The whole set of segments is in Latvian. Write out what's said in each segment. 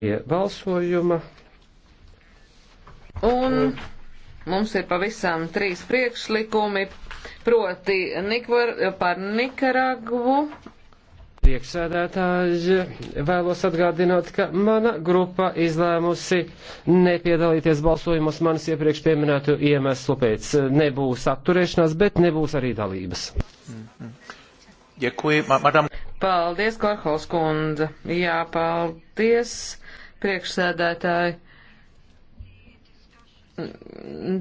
pie balsojuma. Un mums ir pavisam trīs priekšlikumi, proti Nikvar, par Nikaragvu. Prieksēdētāji vēlos atgādināt, ka mana grupa izlēmusi nepiedalīties balsojumos manis iepriekš pieminētu iemeslu pēc. Nebūs atturēšanās, bet nebūs arī dalības. Mm -hmm. Děkuji, madam. Paldies, Korhols kundze. Jā, paldies, priekšsēdētāji.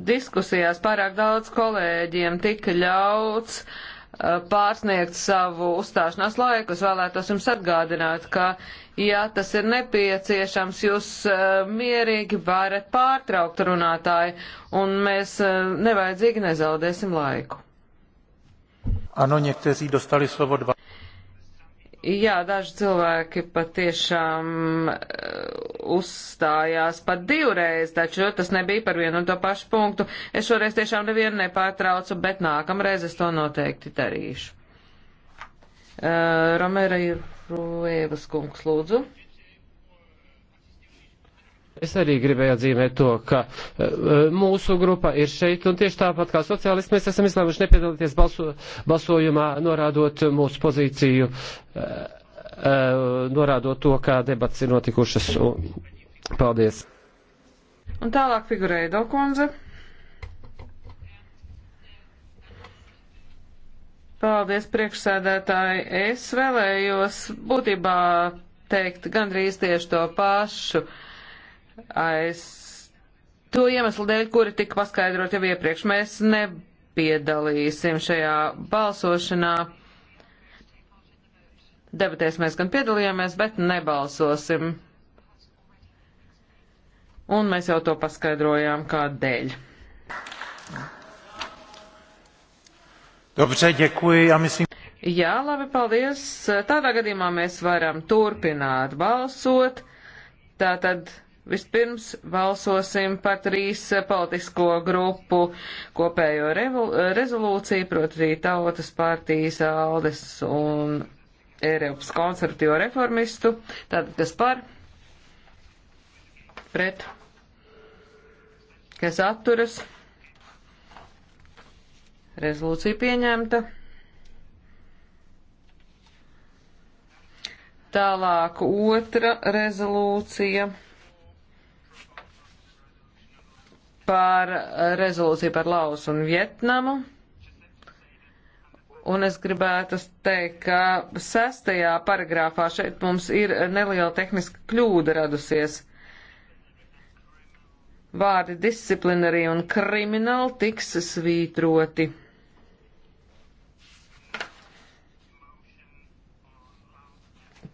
Diskusijās pārāk daudz kolēģiem tika ļauts uh, pārsniegt savu uzstāšanās laiku. Es vēlētos jums atgādināt, ka, ja tas ir nepieciešams, jūs uh, mierīgi varat pārtraukt runātāju, un mēs uh, nevajadzīgi nezaudēsim laiku. Ano, někteří dostali slovo dva. Jā, daži cilvēki patiešām eh, uzstājās pat divreiz, taču tas nebija par vienu un to pašu punktu. Es šoreiz tiešām nevienu nepārtraucu, bet nākamreiz es to noteikti darīšu. Uh, eh, Romēra ir Ruēvas kungs, lūdzu. Es arī gribēju atzīmēt to, ka uh, mūsu grupa ir šeit, un tieši tāpat kā sociālisti, mēs esam izlēmuši nepiedalīties balso, balsojumā, norādot mūsu pozīciju, uh, uh, norādot to, kā debats ir notikušas. Un, paldies! Un tālāk figurēja Dokonze. Paldies, priekšsēdētāji. Es vēlējos būtībā teikt gandrīz tieši to pašu. Uh, aiz to iemeslu dēļ, kuri tika paskaidrot jau iepriekš. Mēs nepiedalīsim šajā balsošanā. Debatēs mēs gan piedalījāmies, bet nebalsosim. Un mēs jau to paskaidrojām kādēļ. Dobře, děkuji. Já myslím... Jā, labi, paldies. Tādā gadījumā mēs varam turpināt balsot. Tātad. Vispirms balsosim par trīs eh, politisko grupu kopējo eh, rezolūciju, proti arī Tautas partijas, Aldes un Eiropas konservatīvo reformistu. Tātad, kas par? Pret? Kas atturas? Rezolūcija pieņemta. Tālāk otra rezolūcija. par rezolūciju par Laos un Vietnamu. Un es gribētu teikt, ka sestajā paragrāfā šeit mums ir neliela tehniska kļūda radusies. Vārdi disciplinārī un krimināli tiks svītroti.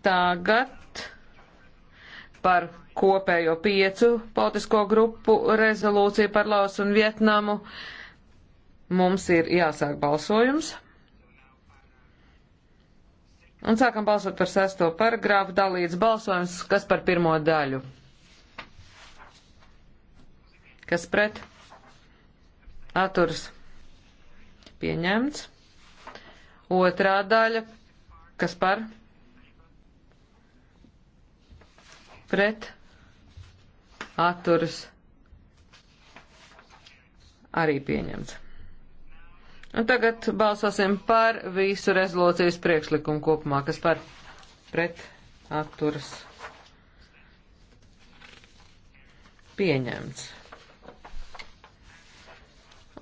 Tagad par kopējo piecu politisko grupu rezolūciju par Laos un Vietnamu. Mums ir jāsāk balsojums. Un sākam balsot par sesto paragrāfu dalīts balsojums, kas par pirmo daļu. Kas pret? Aturs. Pieņemts. Otrā daļa. Kas par? pret atturas arī pieņemts. Un tagad balsosim par visu rezolūcijas priekšlikumu kopumā, kas par pret atturas pieņemts.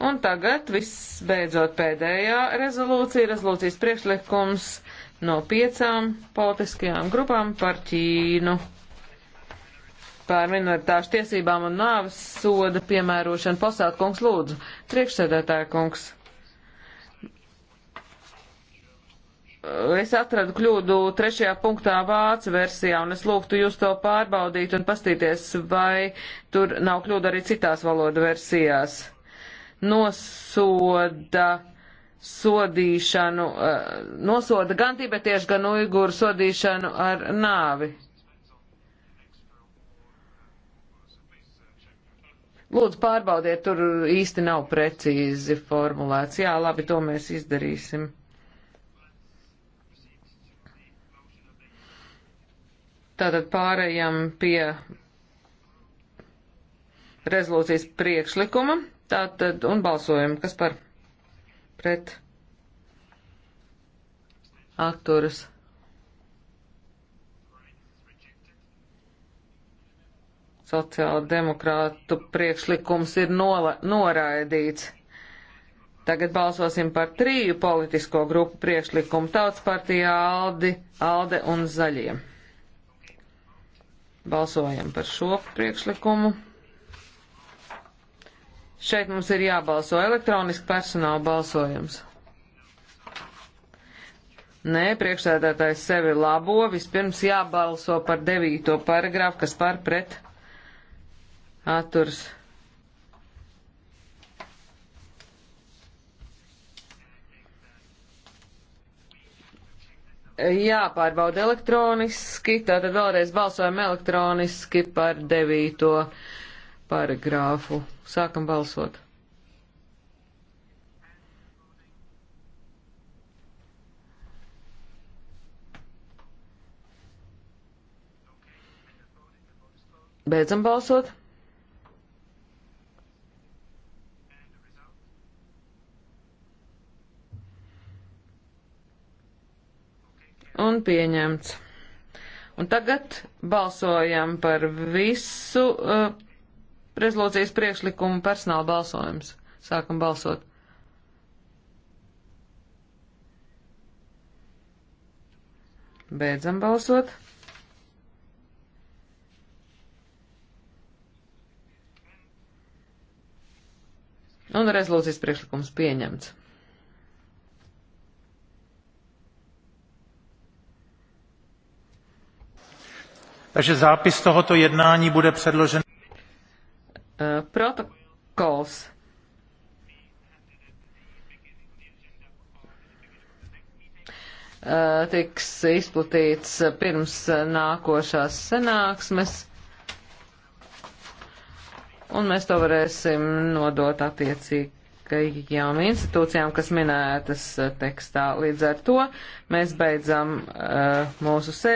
Un tagad viss beidzot pēdējā rezolūcija, rezolūcijas priekšlikums no piecām politiskajām grupām par Ķīnu par minoritāšu tiesībām un nāves soda piemērošanu. Posāta kungs lūdzu. Priekšsēdētāja kungs. Es atradu kļūdu trešajā punktā vācu versijā, un es lūgtu jūs to pārbaudīt un pastīties, vai tur nav kļūda arī citās valodu versijās. Nosoda sodīšanu, eh, nosoda gan tibetiešu, gan uiguru sodīšanu ar nāvi. Lūdzu, pārbaudiet, tur īsti nav precīzi formulēts. Jā, labi, to mēs izdarīsim. Tātad pārējām pie rezolūcijas priekšlikuma. Tātad un balsojumu, kas par pret atturas. Sociāldemokrātu priekšlikums ir nola, noraidīts. Tagad balsosim par triju politisko grupu priekšlikumu Tautas partijā Aldi, Alde un Zaļie. Balsojam par šo priekšlikumu. Šeit mums ir jābalso elektroniski personāla balsojums. Nē, priekšsēdētājs sevi labo, vispirms jābalso par devīto paragrāfu, kas par pret atturs. Jāpārbauda elektroniski, tātad vēlreiz balsojam elektroniski par devīto paragrāfu. Sākam balsot. Beidzam balsot. un pieņemts. Un tagad balsojam par visu uh, rezolūcijas priekšlikumu personāla balsojums. Sākam balsot. Beidzam balsot. Un rezolūcijas priekšlikums pieņemts. Takže zápis tohoto jednání bude předložen. Eh, protokols. Eh, Tiks izplatīts pirms nākošās sanāksmes, un mēs to varēsim nodot attiecīgi jām institūcijām, kas minētas tekstā. Līdz ar to mēs beidzam uh, mūsu sēdi.